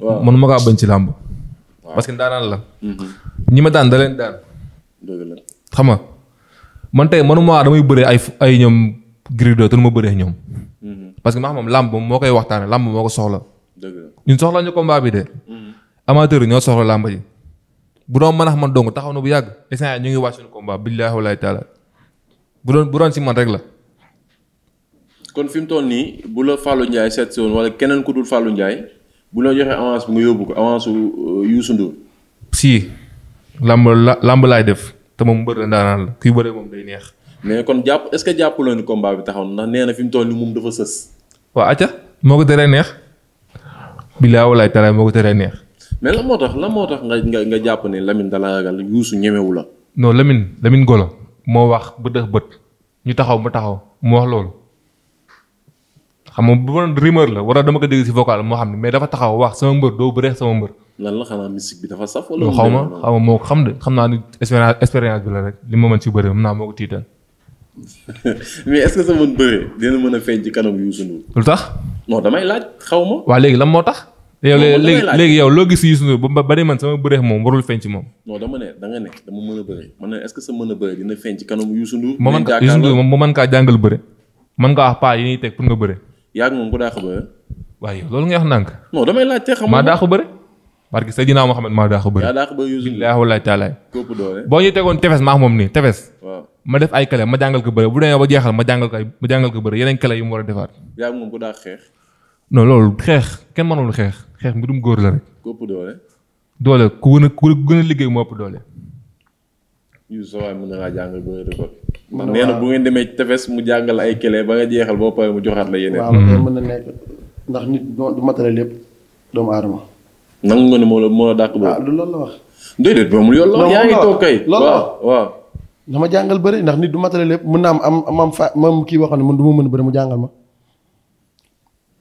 mënu ma kaa ci làmb parce ndaanaan la. Mhm. ñi ma daan da leen daan. xam nga man tey manuma damay bëree ay ay ñoom Gris 2 te nu ma bëree ñoom. Mhm. parce que maa xam làmb moo koy waxtaane làmb moo ko soxla. ñun soxla ñu combat bi de. Mhm. amateur yi ñoo soxla làmb ji. bu doon mën a xam man taxaw na bu yàgg instant ñu ngi wàcc suñu combat billaahi wallaahi taala bu doon bu doon si man rek la. kon fi mu toll nii bu la Fallou Ndiaye seet si woon wala keneen ku dul Fallou Ndiaye. bu la joxee avance mu yóbbu ko avance euh, Youssou Ndour. si lamb la lamb laay def te moom mbër la ndaanaan la kuy bëree moom day neex. mais kon jàpp est-ce que jàppuloo ni combat bi taxaw na ndax nee na fi mu toll nii moom dafa sës. waaw acca moo ko teree neex. bilaa walaay taraay moo ko teree neex. mais la moo tax lan moo tax nga nga nga jàpp ne Lamine dala ragal Youssou ñemewu la. non lamin Lamine Golo moo wax ba dëx bët ñu taxaw ba taxaw mu wax loolu. xam nga bu doon rumeur la a dama ko dégg si vocal moo xam ne mais dafa taxaw wax sama mbër doo bëree sama mbër. lan la xanaa musique bi dafa saf wala. xaw moo xam de xam naa ni expérience expérience bi la rek li ma mën si bëri mën naa moo ko tiital. mais mën a feeñ ci kanam Youssou Ndour. lu damay laaj xaw ma. waa léegi lan moo tax. yow léegi loo gis Youssou ba bari man sama bëree moom warul feeñ ci moom. non dama ne da nga mën a bëree man a bëree dina feeñ ci kanam Youssou Ndour. ma mën kaa Youssou Ndour kaa jàngal bëre. mën ngaa wax paa yi ñuy teg pour nga bëre yàgg moom ku daa ko waaye loolu nga wax nànk. non damay laajte xam maa daa ko bëre. parce que Seydina maa daa ko bëre. yaa daa ko bëre Youssou. billaahi wallaahi taalaay. képp doole tegoon tefes maa moom nii tefes. waaw ma def ay kale ma jàngal ko bëre bu demee ba jeexal ma jàngal ko ay ko bëre yeneen kale yu mu war a defaat. yàgg moom ku daa xeex. non loolu xeex kenn mënul xeex xeex mbirum góor la rek. képp doole. doole a ku gën a liggéey moo ëpp doole. Youssou nee na bu ngeen demee ci tefes mu jàngal ay clé ba nga jeexal boo paree mu joxaat la yeneen. waaw mhm. mën na nekk ndax nit du matériel yëpp doomu aadama. nangu nga ne moo la moo la dàq boobu. ah loolu wax. yaa ngi toog kay. loolu la waaw dama jàngal bëri ndax nit du matériel lépp mën naa am am am fa mam kii waxoon ne man du mën bëri mu jàngal ma.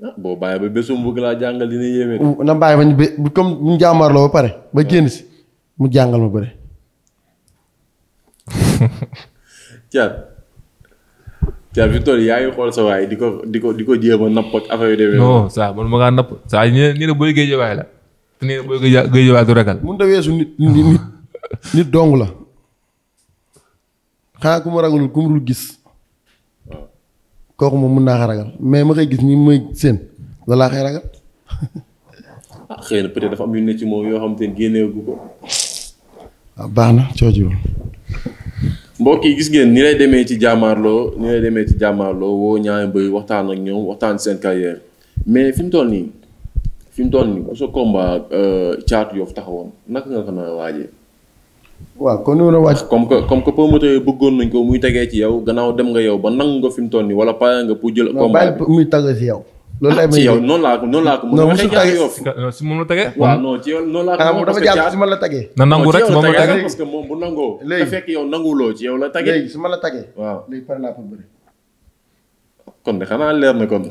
ah boo bàyyi ba bésum bëgg laa jàngal dina yéeme. na bàyyi ba ñu comme ñu jàmmarloo ba pare ba génn si mu jàngal ma bëri. caat caat fi toll yaa ngi xool sa waaye di ko di ko di ko jéem a napp ak affaire yu demee. non saa man ma ngaa napp saa ñu ne ñu ne booy géejewaay la ñu ne booy géejewaay du la xanaa ku ma mën naa ko ragal mais ma koy gis nii mooy seen loolu laa ah, na peut-être yoo xam te génneegu ko. Ah, baax na mbokk yi gis ngeen ni lay demee ci jàmmaarloo ni lay demee ci jàmmaarloo woo ñaari mbër waxtaan ak ñëw waxtaan seen carrière mais fi mu toll nii fi mu toll nii bu sa combat euh, Thiatou Yoff taxawoon naka nga ko nar a waajee. waaw kon noonu la wàcc. comme que comme que bëggoon nañ ko muy tegee ci yow gannaaw dem nga yow ba nangu nga fi mu toll nii wala pare nga pour jël. combat bi muy tagg ci yow. loolu lay may yow noonu laa ko noonu laa ko. non musu tagee non si moom la tagee. waaw dafa jàpp ma la tagee. na nangu rek moom la tagee parce que moom bu yow nanguwuloo ci yow la tagee. léegi su ma la tagee. waaw léegi pare kon de xanaa leer na kon.